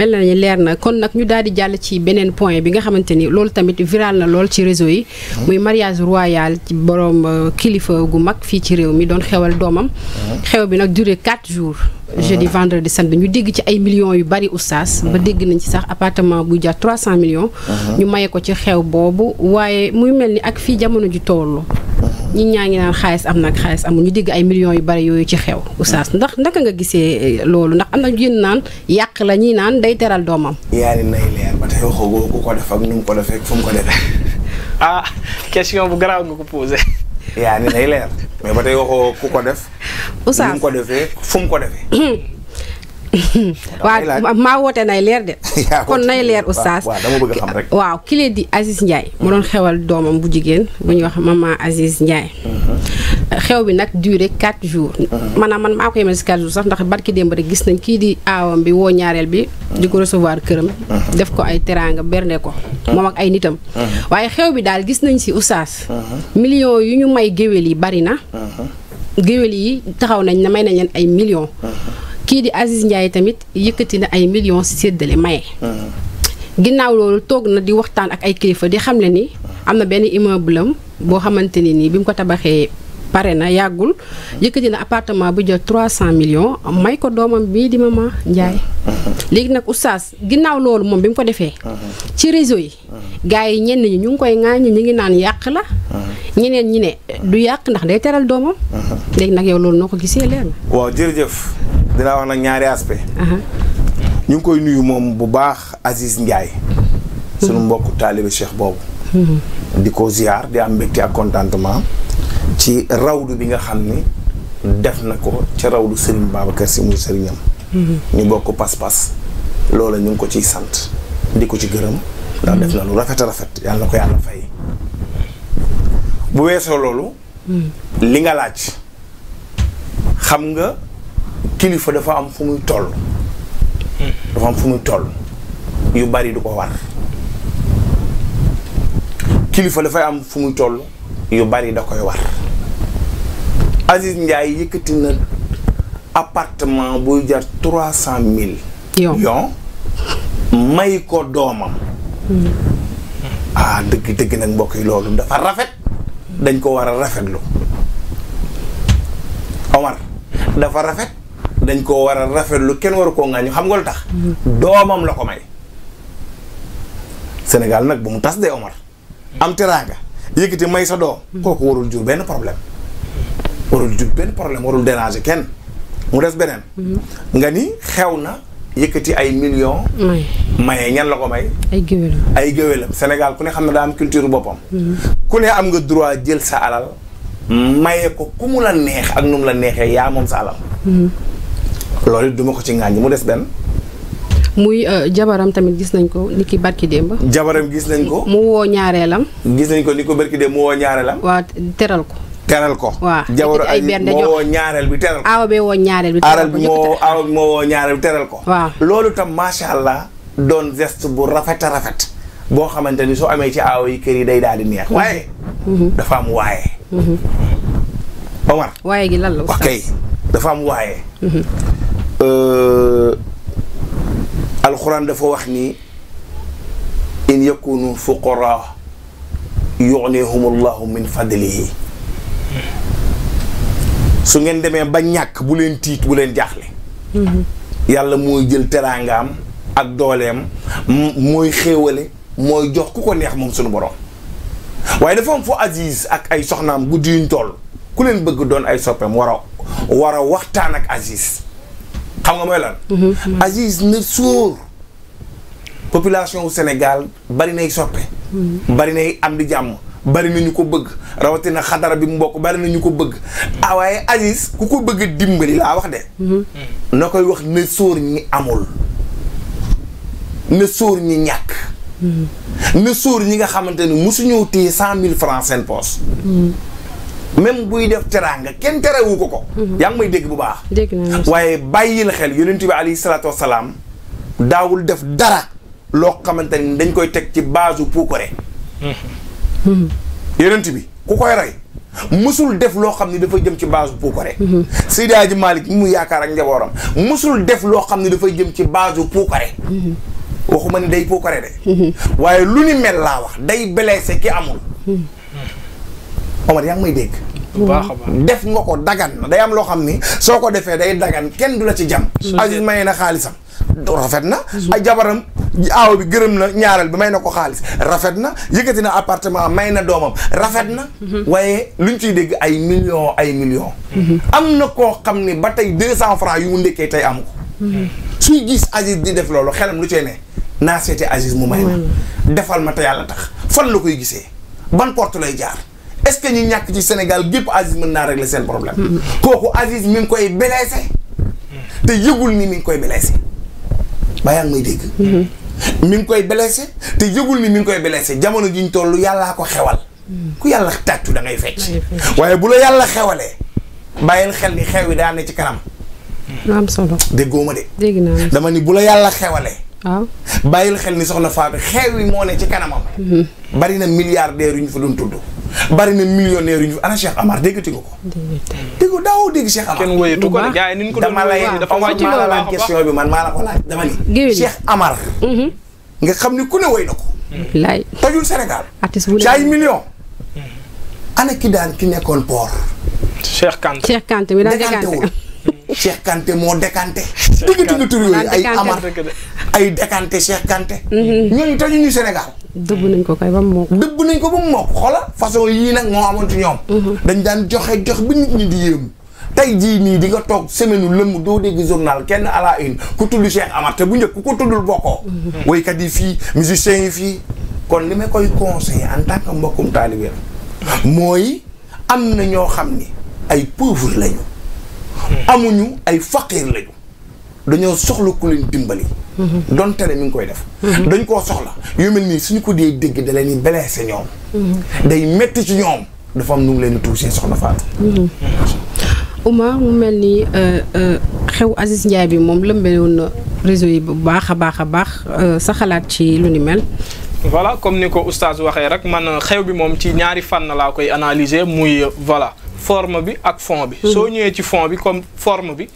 mel na ni leer na kon nag ñu daal di jàll ci beneen point bi nga xamante ni loolu tamit viral na lool ci réseau yi. Hmm. muy mariage royal ci borom euh, kilifa gu mag fii ci réew mi doon xewal doomam. Hmm. xew bi nag duré 4 jours. Hmm. jeudi vendredi samedi ñu dégg ci ay millions yu bari oustaz. ba dégg nañ ci sax appartement buy jar 300 millions. ñu maye ko ci xew boobu waaye muy mel ni ak fii jamono ji tollu ñi ñaa ngi naan xaalis am nag xaalis amul ñu digg ay millions yu bari yooyu ci xew oustaz mm. ndax naka nga gisee eh, loolu ndax am na yéen naan yàq la ñuy naan day teral doomam yaari nay leer ba tey waxoo ku ko def ak nu mu ko defee fu mu ko defee ah question bu garaaw nga ko posé yaari nay leer ba tey waxoo ko def oustaz nu mu ko ko defee waaw maa woote nay leer de. kon nay leer oustaz. waaw dama di Aziz Ndiaye. mu doon xewal doomam bu jigéen bu ñuy wax maman Aziz Ndiaye. Uh-huh. xew bi nag duré 4 jours. Uh-huh. maanaam man maa ko yemal si 4 jours sax ndax barki démb rek gis nañ kii di aawam bi woo ñaareel bi. di ko recevoir këram. Uh-huh. def ko ay teraanga bernde ko. moom ak ay nitam. waaye xew bi daal gis nañ si oustaz. million yu ñu may géwél yi bari na. géwél yi taxaw nañ ne may nañ leen ay millions. kii di Aziz Ndiaye tamit yëkkati na ay millions séddale maye. ginnaaw loolu toog na di waxtaan ak ay kilifa di xamle ni am na benn immeuble am boo xamante ne nii bi mu ko tabaxee. pare na yàggul yëkkati na appartement bu jël million millions may ko doomam bii di mama Ndiaye. léegi nag oustaz ginnaaw loolu moom bi mu ko defee. ci réseau yi. gars yi ñenn ñi ñu ngi koy ŋaañ ñu ngi naan yàq la. ñeneen ñi ne du yàq ndax day teral doomam. léegi nag yow loolu noo ko gisee leer na. dinaa wax nag ñaari aspect ñu ngi koy nuyu moom bu baax Aziz Ndiaye sunu mbokk taalibe cheikh boobu di ko ziar di am mbégte ak contentement ci rawdu bi nga xam ni def na ko ci rawdu Serigne Babacar Sy muy sëriñam ñu bokk pas-pas loolu ñu ngi ko ciy sant di ko ci gërëm ndax def na lu rafet a rafet yàlla ko yàlla fay bu weesoo loolu li nga laaj xam nga kilifa dafa am fu muy toll. dafa am fu muy toll yu bari du ko war. dafay am fu muy toll yu bari da koy war. Aziz Ndiaye yëkkati na appartement buy jar trois cent mille. yon may ko doomam. Hmm. ah dëgg dëgg nag mbokk yi loolu dafa rafet. dañ ko war a rafetlu. Omar dafa rafet. dañ koo war a rafetlu kenn waru koo ŋaañu xam nga lu tax. doomam la ko may. Sénégal nag bu mu tas de Omar. am teraanga yëkkati may sa doom. kooku warul jur benn problème. warul jur benn problème warul déranger kenn mu des beneen. Mhm. nga ni xew na yëkkati ay millions. maye ñan la ko may. ay géwélam Sénégal ku ne xam ne daa am culture boppam. Mhm. ku ne am nga droit jël sa alal. maye ko ku mu la neex ak nu la neexee yaa moom sa alal. Mhm. loolu it duma ko ci ŋàññi mu des benn. muy euh, jabaram tamit gis nañ ko ni ki barki démb. jabaram gis nañ ko. mu woo ñaareelam. gis nañ ko ni ko barki démb mu woo ñaareelam. waa teral ko. teral ko. waaw jabaru ay bernde jox moo woo ñaareel bi teral ko. aawa bi. teral ko moo teral ko. loolu tam macha allah doon geste bu rafet a rafet. boo xamante ni soo amee ci aawa yi kër yi day daal di neex. Mhm. waaye. Mhm. dafa am waaye. Mhm. Omar. waaye gi lan la. ok dafa am waaye. Euh, alxuraan dafa wax ni in yakunu fuqara yugnihum allahu min fadlihi su ngeen demee ba ñàkk bu leen tiit bu leen jaaxle yàlla mooy jël teraangaam ak dooleem mooy xéewale mooy jox ku ko neex moom suñu borom waaye dafa am fu Aziz ak ay soxnaam guddi yuñ toll ku leen bëgg doon ay soppeem war waxtaan ak Aziz xam nga mooy lan. Mm-hmm. Aziz na sóor population wu Sénégal bari nay soppe. Mm-hmm. bari nay am di jàmm. bari na ñu ko bëgg rawatina xadara bi mbokk bokk bari na ñu ko bëgg ah, waaye Aziz ku ko bëgg dimbali laa wax de. Mm-hmm. na koy wax na sóor ñi amul. na sóor ñi ñàkk. na soor ñi nga xamante ne mosu ñëw téye cent mille francs seen poos. même buy def nga kenn terewu ko ko. Mhm. yaa ngi may dégg bu baax. dégg waaye bàyyil xel yonent bi alayhi salaatu wa salaam daawul def dara loo xamante ni dañ koy teg ci base puukare. Mhm. yonent bi ku koy rey musul def loo xam ne dafay jëm ci base puukare. Seydi Hadji mu yaakaar ak njabooram mosul def loo xam ne dafa jëm ci base puukare. Mhm. waxuma ni day puukare de. waaye lu ni mel laa wax day blessé ki amul. Omar yaa ngi may dégg. def nga ko daggan na day am loo xam ni soo ko defee day daggan kenn du la ci jam Aziz may na xaalisam rafet na ay jabaram aaw bi gërëm na ñaareel bi may na ko xaalis rafet na yëkkati na appartement may na doomam rafet na mhm. waaye ñu ciy dégg ay millions ay millions mhm. am na koo xam ne ba tey de cent francs yu mu ndekkee tey am ko mhm. suy gis Aziz di def loolu xelam lu cee ne naa seete Aziz mu may na defal ma te yàlla tax fan la koy gisee ban porte lay jaar est-ce ñu ñàkk ci Sénégal gépp Aziz mën naa régler seen problème. kooku Aziz mi ngi koy blessé. te yëgul ni mi ngi koy blessé. ba yaa ngi koy blessé te yëgul ni mi ngi koy blessé jamono ji ñu toll yàllaa ko xewal. ku yàlla tàccu dangay ngay fecc. waaye bu la yàlla xewalee. bàyyil xel ni xew yi daa ne ci kanam. lu déggoo ma de. dégg dama ni bu la yàlla xewalee. bàyyil xel ni soxna Fatou xew yi moo ne ci kanamam. Mhm. bari na milliardaires yu ñu fa doon tudd. bari na millionnaire yu ñu ana Cheikh Amar déggati nga ko. dégg daawoo dégg Cheikh Amar. ko de jaay ni ko dama lay maa la laaj question bi mm-hmm. nga xam ni ku ne wëy na ko. laay tojul ki daan ki nekkoon port. Cheikh Kanté Cheikh Kanté mi daal décanté moo décanté. Cheikh Kanté dégg tur yooyu ay Amar ay décanté Cheikh Kanté. Mm-hmm. ñooñu tojuñu Sénégal. dëbb nañ ko kay ba mu mokk. dëbb nañ ko ba mu mokk xoola façon yii nag moo amoon ci ñoom. Mhm. dañ daan joxe jox bi ñu ñi di yéemu. tey jii nii di nga toog semaine lëmm doo dégg journal kenn à la une ku tudd Cheikh Amar te bu njëkk ku ko tuddul bokkoo. Mhm. woykat yi fii musiciens yi fii. kon li ma koy conseiller en tant que mbokkum taalibeem mooy am na ñoo xam ni ay pauvre lañu. Mhm. amuñu ay faqiir lañu. dañoo soxla ku leen dimbali. doon tere mi ngi koy def. dañ koo soxla yu mel nii suñu ko dee dégg da leen di blessé ñoom. day métti ci ñoom dafa am nu mu leen di touché soxna Fatou. Oumar mu mel ni euh, euh, xew Aziz Ndiaye bi moom lëmbale woon na réseau yi bu baax a baax a baax euh, sa xalaat ci lu ni mel. voilà comme ni ko oustaz waxee rek man xew bi moom ci ñaari fànn laa koy analyser muy voilà forme bi ak fond bi. Mhm. soo ñëwee ci fond bi comme forme bi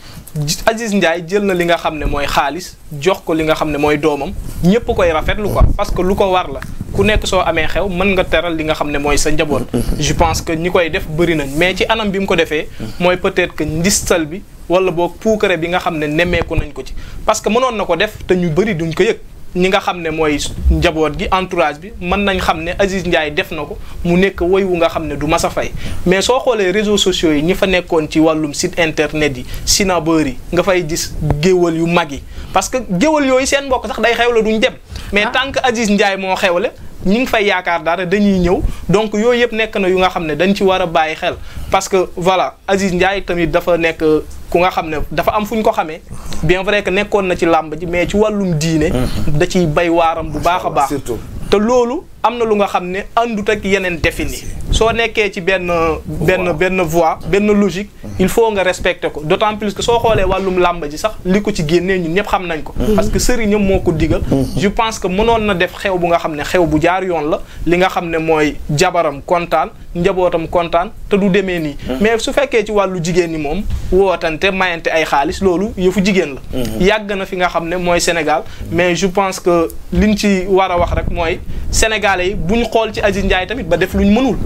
Aziz Ndiaye jël na li nga xam ne mooy xaalis jox ko li nga xam ne mooy doomam ñëpp koy rafetlu ko parce que lu ko war la ku nekk soo amee xew mën nga teral li nga xam ne mooy sa njaboot. Mhm. je pense que ñi koy def bëri nañ mais ci anam bi mu ko defee. Mhm. mooy peut-être que ndistal bi wala boog puukare bi nga xam ne nemmeeku nañ ko ci parce que mënoon na ko def te ñu bëri duñ ko yëg. ñi nga xam ne mooy njaboot gi entourage bi mën nañ xam ne Aziz Ndiaye def na ko mu nekk woy wu nga xam ne du ma sa fay mais soo xoolee réseaux sociaux yi ñi fa nekkoon ci wàllum site internet yi sinabeur yi nga fay gis géwal yu mag yi parce que géwal yooyu seen mbokk sax day xewle duñ dem mais ah. tant que Aziz Ndiaye moo xewle ñu ngi fay yaakaar dara dañuy ñëw donc yooyu yëpp nekk na yu nga xam ne dañ ci war a bàyyi xel parce que voilà Aziz Ndiaye tamit dafa nekk ku nga xam ne dafa am fu ñu ko xamee bien vrai que nekkoon na ci làmb ji mais ci wàllum diine mm-hmm. da ciy bay waaram bu baax a baax te loolu am na lu nga xam ne àndut ak yeneen défini soo nekkee ci benn benn benn voie benn logique mm-hmm. il faut nga respecter ko d'autant plus que soo xoolee wàllum làmba ji sax li ko ci génnee ñun ñëpp xam nañ ko mm-hmm. parce que sëriñam moo ko digal mm-hmm. je pense que mënoon na def xew bu nga xam ne xew bu jaar yoon la li nga xam ne mooy jabaram kontaan njabootam kontaan te du demee nii mais su fekkee ci wàllu jigéen ñi moom wootante mayante ay xaalis loolu yëfu jigéen la yàgg na fi nga xam ne mooy Sénégal mais je pense que liñ ci war a wax rek mooy Sénégal sénégalais bu ñu xool ci Aziz njaay tamit ba def lu luñ mënul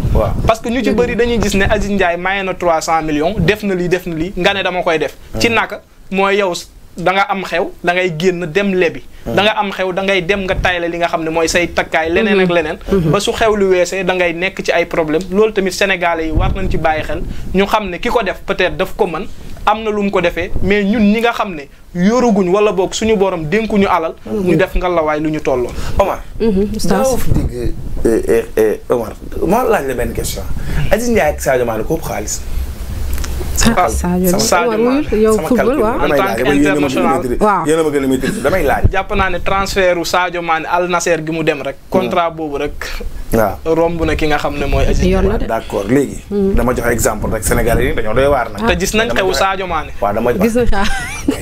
parce que ñu ci bëri dañuy gis ne Aziz Ndiaye maye na trois cent millions def na lii def na lii nga ne dama koy def ah. ci naka mooy yow da nga am xew da ngay génn dem lebi ah. da nga am xew da ngay dem nga tayle li nga xam ne mooy say takkaay leneen ak mhm. leneen mhm. ba su xew lu weesee da ngay nekk ci ay problème loolu tamit sénégalais yi war nañ ci bàyyi xel ñu xam ne ki ko def peut-être daf ko man am na lu mu ko defee mais ñun ñi nga xam ne yoruguñ wala boog suñu borom dénkuñu alal. ñu def ngalawaay lu ñu tolloon Omar. daaw mhm, fi dégg eh, eh, eh, Omar ma laaj la benn question. Aziz Ndiaye ak Sadio Mané kooku xaalis. ah Sadio yow football waaw a ma gën a maîtriser damay laaj. jàpp naa ne transfert u Sadio Mané Al Nasser gi mu dem rek. contrat boobu rek. waaw romb na ki nga xam ne mooy. Aziz Ndiaye d'accord léegi. Hmm. dama jox exemple rek Sénégalais yi dañoo waar nag. Ah. te gis nañ xewu Sadio Mané. waaw dama gis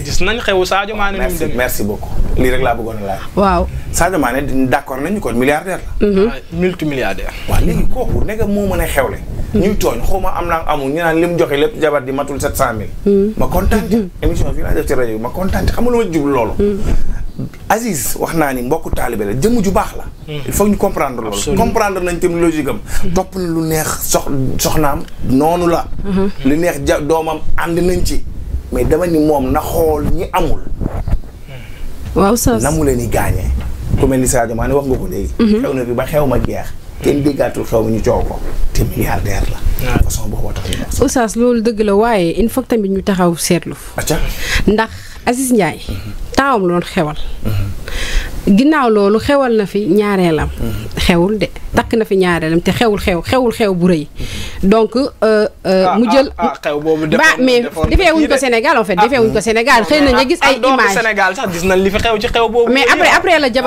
gis nañ xewu Sadio Mané. merci merci beaucoup. lii rek laa bëggoon a laaj. waaw Sadio Mané d'accord nañu kon milliardaire la. Mm-hmm. Ah, multimilliardaire. waaw léegi kooku nekk moo mën a xewle. Mm-hmm. ñuy tooñ xaw ma am naa amul ñu naan lim joxe lépp jabar di matul sept cent mille. Mm-hmm. ma kontaan ci émission bi laa ci rajo bi ma kontaan ci xam nga lu ma jublu loolu. Aziz wax naa ni mbokku taalibe la jëmm ju baax la Mm. il faut ñu comprendre loolu. comprendre nañ tamit logique am. Mm. topp na lu neex sox soxnaam noonu la. Mm-hmm. lu neex ja doomam ànd nañ ci. mais dama ni moom na xool ñi amul. Mm. waaw sax na mu leen di gaañee. ku mel ni Sadio mm-hmm. xew ma jeex. kenn déggaatul xew ma ñu coow ko. te ah. loolu dëgg la waaye il faut tamit ñu taxaw seetlu. ndax Aziz Ndiaye. Mm-hmm. taawam loon xewal. ginnaaw loolu xewal na fi ñaareelam. Mhm. xewul de takk na fi ñaareelam te xewul xew xewul xew bu rëy. Mhm. donc euh, euh, ah, mu ah, jël. Ah, xew boobu defoon mais defee wuñ ko Sénégal en fait wuñ ko Sénégal xëy na gis ay images. sax gis nañ li fi xew ci xew boobu mais après après la jabar